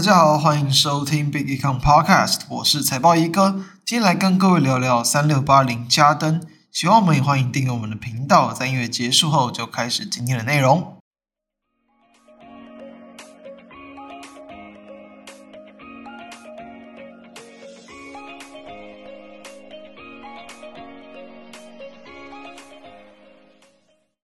大家好，歡迎收聽 Big Econ Podcast，我是財報一哥，今天來跟各位聊聊三六八零家登。喜歡我們，也歡迎訂閱我們的頻道。在音樂結束後，就開始今天的內容。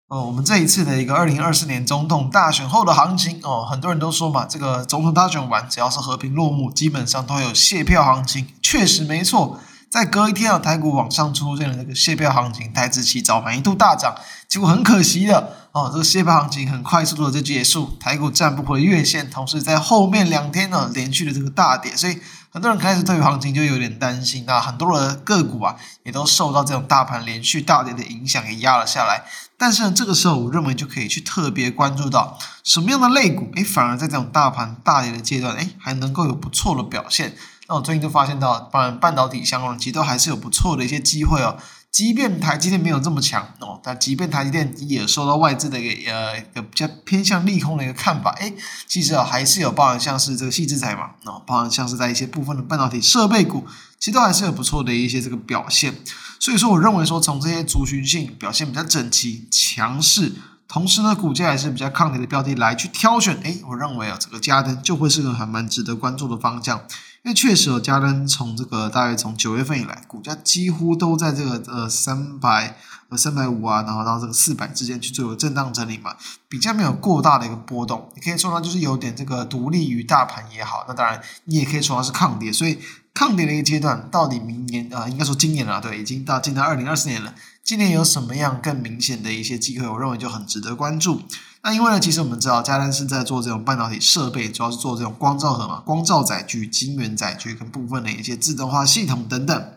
哦、呃，我們這一次的一個二零二四年總統大選後的行情哦、呃，很多人都說嘛，這個總統大選完，只要是和平落幕，基本上都有謝票行情。確實沒錯，在隔一天啊，台股往上出現了這個謝票行情，台指期早盤一度大漲，結果很可惜的哦、呃，這個謝票行情很快速的就結束，台股站不回月線，同時在後面兩天呢，連續的這個大跌，所以。很多人開始對於行情就有點擔心啊，那很多的個股啊也都受到這種大盤連續大跌的影響，也壓了下來。但是呢，這個時候，我認為就可以去特別關注到什麼樣的類股，誒、欸、反而在這種大盤大跌的階段，誒、欸、還能夠有不錯的表現。那我最近就發現到，當然半導體相關其實都還是有不錯的一些機會哦。即便台積電沒有這麼強哦，但即便台積電也受到外資的一個呃一個比較偏向利空的一個看法，誒其實啊、哦、還是有包含像是這個矽智財嘛、哦，包含像是在一些部分的半導體設備股，其實都還是有不錯的一些這個表現。所以說，我認為說從這些族群性表現比較整齊、強勢，同時呢股價也是比較抗跌的標的來去挑選，誒我認為啊、哦、整、這個家登就會是個還蠻值得關注的方向。因為確實，有家登從這個大概從九月份以來，股價幾乎都在這個呃三百呃三百五啊，然後到這個四百之間去做一個震盪整理嘛，比較沒有過大的一個波動。你可以說它就是有點這個獨立於大盤也好，那當然你也可以說它是抗跌。所以抗跌的一個階段，到底明年啊、呃，應該說今年啊，對，已經到進到二零二四年了。今年有什麼樣更明顯的一些機會？我認為就很值得關注。那、啊、因為呢，其實我們知道，家登是在做這種半導體設備，主要是做這種光罩盒嘛、光罩載具、晶圓載具跟部分的一些自動化系統等等。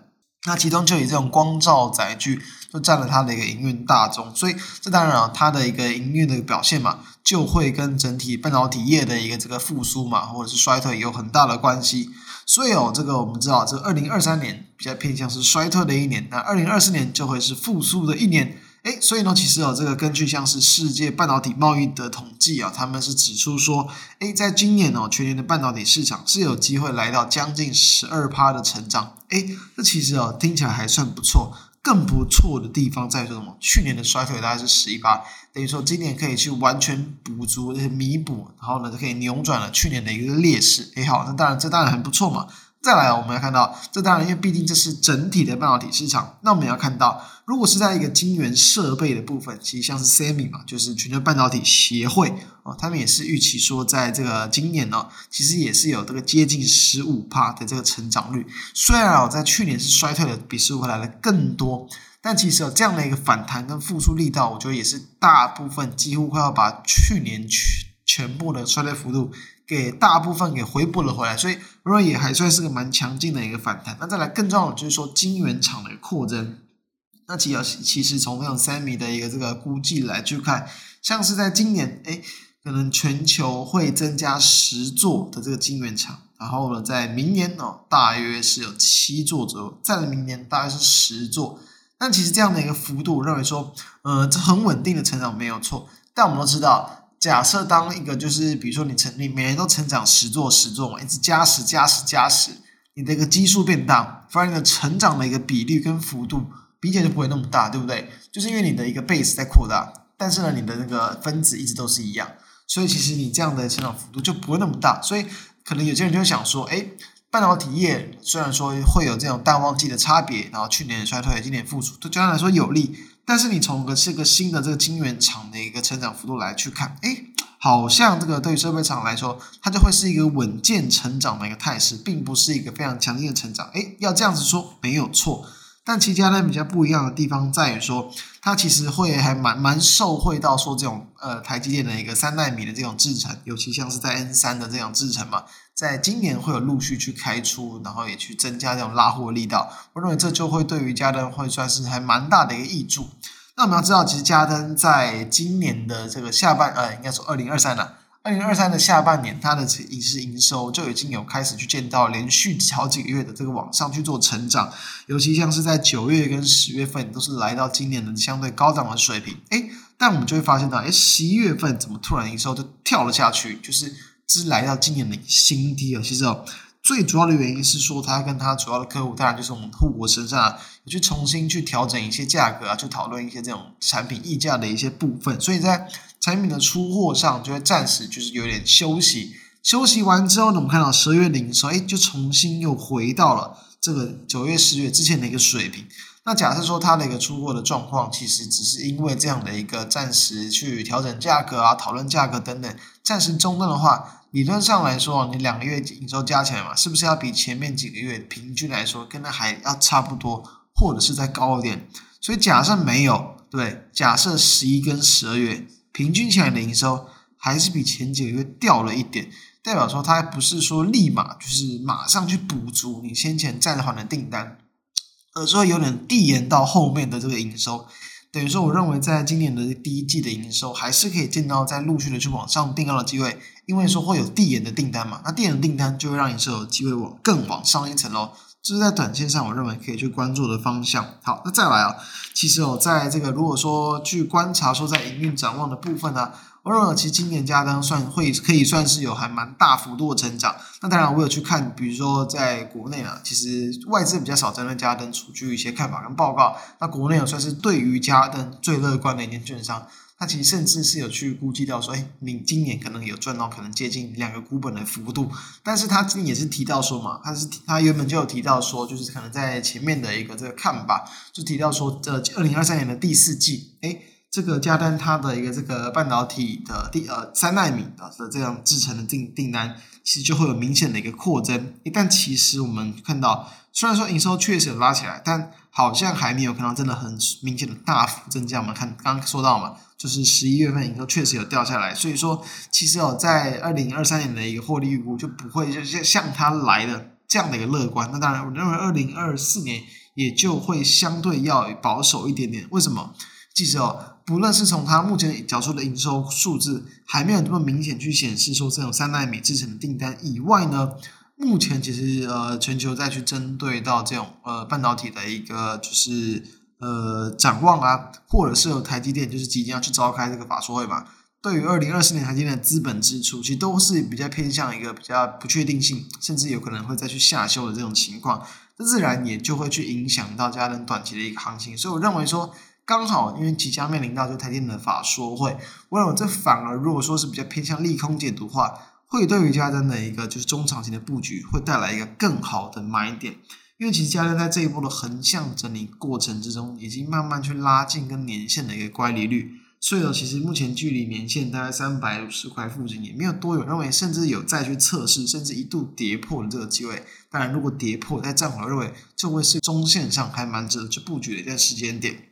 那其中就以這種光罩載具，就占了它的一個營運大宗。所以這當然啊，它的一個營運的表現嘛，就會跟整體半導體業的一個這個復甦嘛，或者是衰退有很大的關係。所以哦，這個我們知道，這二零二三年比較偏向是衰退的一年，那二零二四年就會是復甦的一年。哎，所以呢，其實哦，這個根據像是世界半導體貿易的統計啊，他們是指出說，哎，在今年哦，全年的半導體市場是有機會來到將近十二趴的成長。哎，這其實哦，聽起來還算不錯。更不錯的地方在於說什麼？去年的衰退大概是十一趴，等於說今年可以去完全補足、就是、彌補，然後呢，就可以扭轉了去年的一個劣勢。哎，好，那當然，這當然很不錯嘛。再來，我們要看到，這當然，因為畢竟這是整體的半導體市場。那我們要看到，如果是在一個晶圓設備的部分，其實像是 SEMI 嘛，就是全球半導體協會哦，他們也是預期說，在這個今年呢，其實也是有這個接近十五帕的這個成長率。雖然哦，在去年是衰退了比十五塊來的更多，但其實有這樣的一個反彈跟復甦力道，我覺得也是大部分幾乎快要把去年去。全部的衰退幅度給大部分給回補了回來，所以我認為也還算是個蠻強勁的一個反彈。那再來更重要的就是說，晶圓廠的擴增。那其實其實從那種 SEMI 的一個這個估計來去看，像是在今年，哎，可能全球會增加十座的這個晶圓廠，然後呢，在明年哦，大約是有七座左右，在明年大概是十座。那其實這樣的一個幅度，認為說，呃，這很穩定的成長沒有錯。但我們都知道。假設當一個就是，比如說你成你每年都成長十座十座嘛，一直加十加十加十，你的一個基數變大，反而你的成長的一個比率跟幅度，明顯就不會那麼大，對不對？就是因為你的一個 base 在擴大，但是呢，你的那個分子一直都是一樣，所以其實你這樣的成長幅度就不會那麼大。所以可能有些人就會想說，哎，半導體業雖然說會有這種淡旺季的差別，然後去年衰退，今年復甦，對，相對來說有利。但是你從個是個新的這個晶圓廠的一個成長幅度來去看，哎，好像這個對於設備廠來說，它就會是一個穩健成長的一個態勢，並不是一個非常強勁的成長。哎，要這樣子說沒有錯。但其實家登比較不一樣的地方在於說，它其實會還蠻蠻受惠到說這種呃台積電的一個三奈米的這種製程，尤其像是在 N 三的這種製程嘛，在今年會有陸續去開出，然後也去增加這種拉貨力道。我認為這就會對於家登會算是還蠻大的一個益處。那我們要知道，其實家登在今年的這個下半，呃，應該說二零二三了。二零二三的下半年，它的影視營收就已經有開始去見到連續好幾個月的這個往上去做成長，尤其像是在九月跟十月份，都是來到今年的相對高檔的水平。哎，但我們就會發現到，哎，十一月份怎麼突然營收就跳了下去，就是只來到今年的新低，尤其這種最主要的原因是說，他跟他主要的客戶，當然就是我們護國神山，啊，也去重新去調整一些價格啊，去討論一些這種產品溢價的一些部分。所以，在產品的出貨上，就會暫時就是有點休息。休息完之後，我們看到十二月的時候，哎，就重新又回到了這個九月、十月之前的一個水平。那假設說它的一個出貨的狀況，其實只是因為這樣的一個暫時去調整價格啊、討論價格等等，暫時中斷的話。理論上來說，你兩個月營收加起來嘛，是不是要比前面幾個月平均來說，跟它還要差不多，或者是再高一點？所以假設沒有，對，假設十一跟十二月平均起來的營收還是比前幾個月掉了一點，代表說它還不是說立馬就是馬上去補足你先前暫緩的訂單，而是說有點遞延到後面的這個營收。等於說，我認為在今年的第一季的營收，還是可以見到在陸續的去往上訂到的機會。因為說會有遞延的訂單嘛，那遞延的訂單就會讓營收有機會往更往上一層樓，這，就是在短線上我認為可以去關注的方向。好，那再來啊，其實我，在這個如果說去觀察說在營運展望的部分呢，啊，我認為其實今年家登算會可以算是有還蠻大幅度的成長。那當然我有去看，比如說在國內啊，其實外資比較少針對家登出具一些看法跟報告，那國內有算是對於家登最樂觀的一間券商。他其實甚至是有去估計到說，哎，你今年可能有賺到，可能接近兩個股本的幅度。但是他今年也是提到說嘛，他是他原本就有提到說，就是可能在前面的一個這個看吧，就提到說，這二零二三年的第四季，哎。這個加單它，的一個這個半導體的第呃三奈米的這樣製程，的訂訂單，其實就會有明顯的一個擴增。一旦其實我們看到，雖然說營收確實有拉起來，但好像還沒有看到真的很明顯的大幅增加嘛。我們看剛剛說到嘛，就是十一月份營收確實有掉下來，所以說其實哦，在二零二三年的一個獲利預估就不會像像它來的這樣的一個樂觀。那當然，我認為二零二四年也就會相對要保守一點點。為什麼？記住哦。不論是從它目前繳出的營收數字還沒有這麼明顯去顯示說這種三奈米製程的訂單以外呢，目前其實呃全球再去針對到這種呃半導體的一個就是呃展望啊，或者是有台積電就是即將去召開這個法說會嘛，對於二零二四年台積電的資本支出其實都是比較偏向一個比較不確定性，甚至有可能會再去下修的這種情況，那自然也就會去影響到佳能短期的一個行情，所以我認為說。剛好，因為即將面臨到就台積電的法說會，我有這反而如果說是比較偏向利空解讀的話，會對於家聯的一個就是中長線的布局會帶來一個更好的買點。因為其實家聯在這一波的橫向整理過程之中，已經慢慢去拉近跟年線的一個乖離率，所以呢，其實目前距離年線大概三百五十塊附近也沒有多遠，認為甚至有再去測試，甚至一度跌破的這個機會。當然，如果跌破，再正好認為這會是中線上還蠻值得去布局的一段時間點。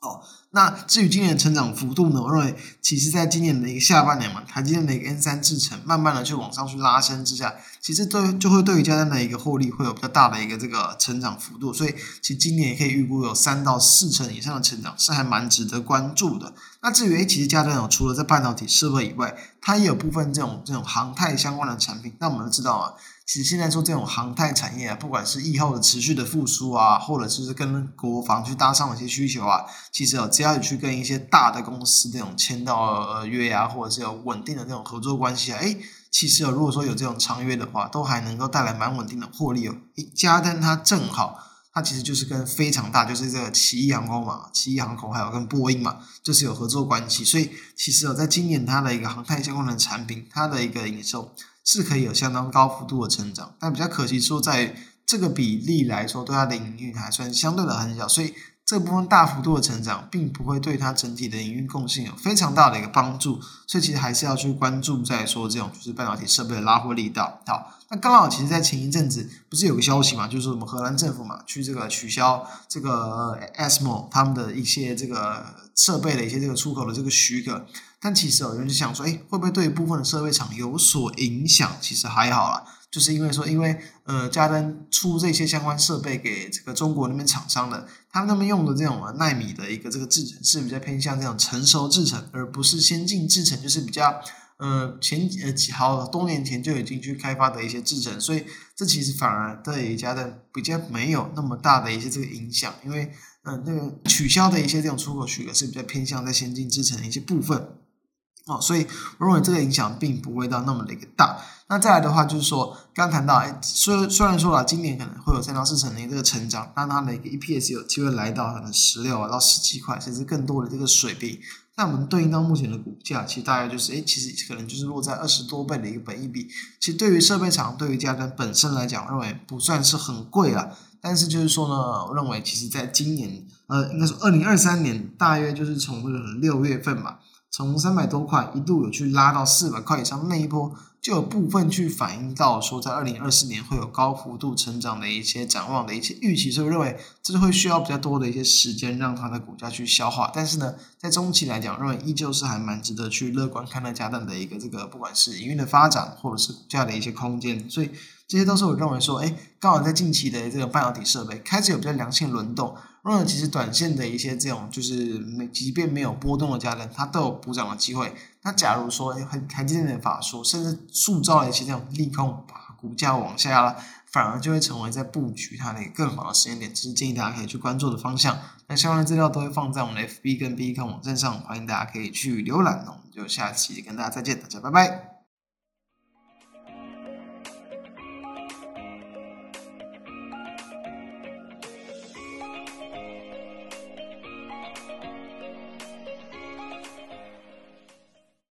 哦，那至於今年的成長幅度呢？我認為，其實在今年的一個下半年嘛，台積電的一個 N 三製程慢慢的去往上去拉升之下，其實對就會對於家登的一個獲利會有比較大的一個這個成長幅度，所以其實今年也可以預估有三到四成以上的成長，是還蠻值得關注的。那至於、欸、其實家登有除了在半導體設備以外，它也有部分這種這種航太相關的產品。那我們都知道啊。其實現在做這種航太產業啊，不管是疫後的持續的復甦啊，或者就是跟國防去搭上一些需求啊，其實只要你去跟一些大的公司那種簽到呃約啊，或者是有穩定的那種合作關係啊，哎，其實哦，如果說有這種長約的話，都還能夠帶來蠻穩定的獲利哦。加登它正好，它其實就是跟非常大，就是這個奇異航空嘛，奇異航空還有跟波音嘛，就是有合作關係，所以其實哦，在今年它的一個航太相關的產品，它的一個營收。是可以有相當高幅度的成長，但比較可惜說，在這個比例來說，對它的影響還算相對的很小，所以。這部分大幅度的成長，並不會對它整體的營運共性有非常大的一個幫助，所以其實還是要去關注在說這種就是半導體設備的拉貨力道。好，那剛好其實，在前一陣子不是有個消息嘛，就是我們荷蘭政府嘛，去這個取消這個 ASML 他們的一些這個設備的一些這個出口的這個許可。但其實有人就想說，哎，會不會對部分的設備廠有所影響？其實還好啦。就是因為說，因為呃，家登出這些相關設備給這個中國那邊廠商的，他們那邊用的這種奈米的一個這個制程是比較偏向這種成熟制程，而不是先進製程，就是比較呃前呃幾好多年前就已經去開發的一些制程，所以這其實反而對家登比較沒有那麼大的一些這個影響，因為嗯，這、呃那個取消的一些這種出口許可是比較偏向在先進製程的一些部分。哦，所以我認為這個影響並不會到那麼的一個大。那再來的話就是說，剛剛談到，哎，雖雖然說了今年可能會有三到四成的一個成長，但它的一個 EPS 有機會來到可能十六啊到十七塊，甚至更多的這個水平。那我們對應到目前的股價，其實大概就是，哎，其實可能就是落在二十多倍的一個本益比。其實對於設備廠，對於價格本身來講，我認為不算是很貴了啊。但是就是說呢，我認為其實在今年，呃，應該說二零二三年大約就是從六月份吧。從三百多塊一度有去拉到四百塊以上那一波，就有部分去反映到說，在二零二四年會有高幅度成長的一些展望的一些預期，所以我認為這是會需要比較多的一些時間讓它的股價去消化。但是呢，在中期來講，認為依舊是還蠻值得去樂觀看待家登的一個這個，不管是營運的發展，或者是股價的一些空間。所以這些都是我認為說，哎，剛好在近期的這個半導體設備開始有比較良性輪動。那其實短線的一些這種，就是沒即便沒有波動的家人，他都有補漲的機會。那假如說，哎，很開機的法說，甚至塑造了一些這種利空，把股價往下拉，反而就會成為在布局它的一個更好的時間點。只、就是建議大家可以去關注的方向。那相關的資料都會放在我們的 FB 跟 B 站網站上，歡迎大家可以去瀏覽。那我們就下期跟大家再見，大家拜拜。